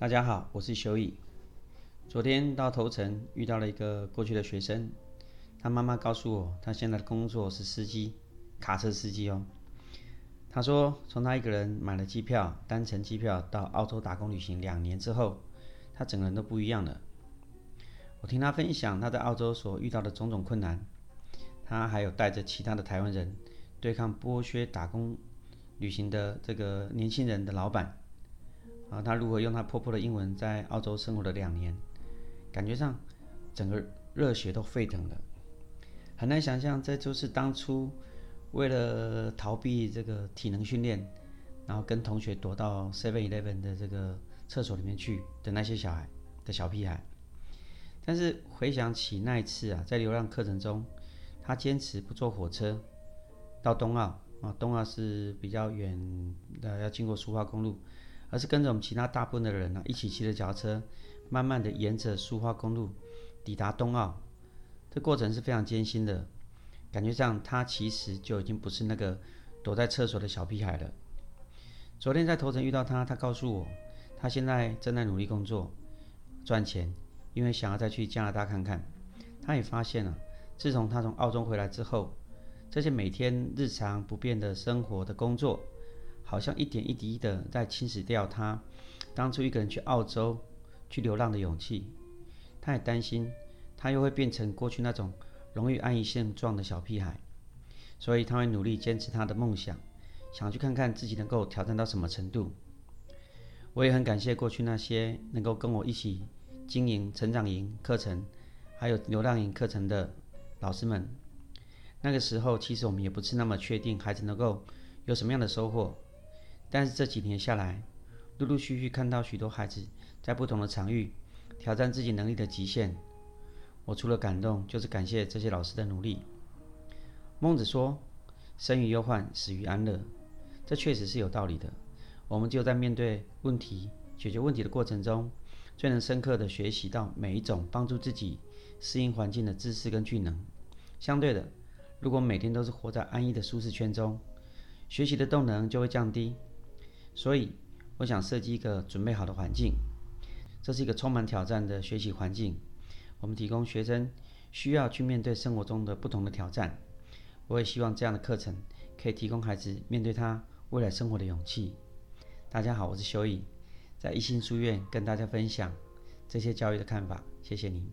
大家好，我是修義。昨天到頭城遇到了一個過去的學生，他媽媽告訴我，他現在的工作是司機，卡車司機哦。他說，從他一個人買了機票，單程機票到澳洲打工旅行兩年之後，他整個人都不一樣了。我聽他分享他在澳洲所遇到的種種困難，他還有帶着其他的台灣人對抗剝削打工旅行的這個年輕人的老板。啊，他如何用他破破的英文在澳洲生活了兩年，感覺上整個熱血都沸騰了，很難想象這就是當初為了逃避這個體能訓練，然後跟同學躲到 Seven Eleven 的這個廁所裡面去的那些小孩的小屁孩。但是回想起那一次啊，在流浪課程中，他堅持不坐火車到東澳啊，東澳是比較遠的，要經過蘇花公路。而是跟着我們其他大部分的人呢、啊，一起騎着腳車，慢慢的沿着蘇花公路抵達東澳。這過程是非常艱辛的，感覺上他其實就已經不是那個躲在廁所的小屁孩了。昨天在頭城遇到他，他告訴我，他現在正在努力工作賺錢，因為想要再去加拿大看看。他也發現了、啊，自從他從澳洲回來之後，這些每天日常不變的生活的工作。好像一點一滴的在侵蝕掉他當初一個人去澳洲去流浪的勇氣。他也擔心他又會變成過去那種容易安於現狀的小屁孩，所以他會努力堅持他的夢想，想去看看自己能夠挑戰到什麼程度。我也很感謝過去那些能夠跟我一起經營成長營課程，還有流浪營課程的老師們。那個時候其實我們也不是那麼確定孩子能夠有什麼樣的收穫。但是這幾年下來，陸陸續續看到許多孩子在不同的場域挑戰自己能力的極限，我除了感動，就是感謝這些老師的努力。孟子說：“生於憂患，死於安樂。”這確實是有道理的。我們只有在面對問題、解決問題的過程中，最能深刻地學習到每一種幫助自己適應環境的知識跟技能。相對的，如果每天都是活在安逸的舒適圈中，學習的動能就會降低。所以，我想設計一個準備好的環境，這是一個充滿挑戰的學習環境。我們提供學生需要去面對生活中的不同的挑戰。我也希望這樣的課程可以提供孩子面對他未來生活的勇氣。大家好，我是修穎，在一心書院跟大家分享這些教育的看法。謝謝您。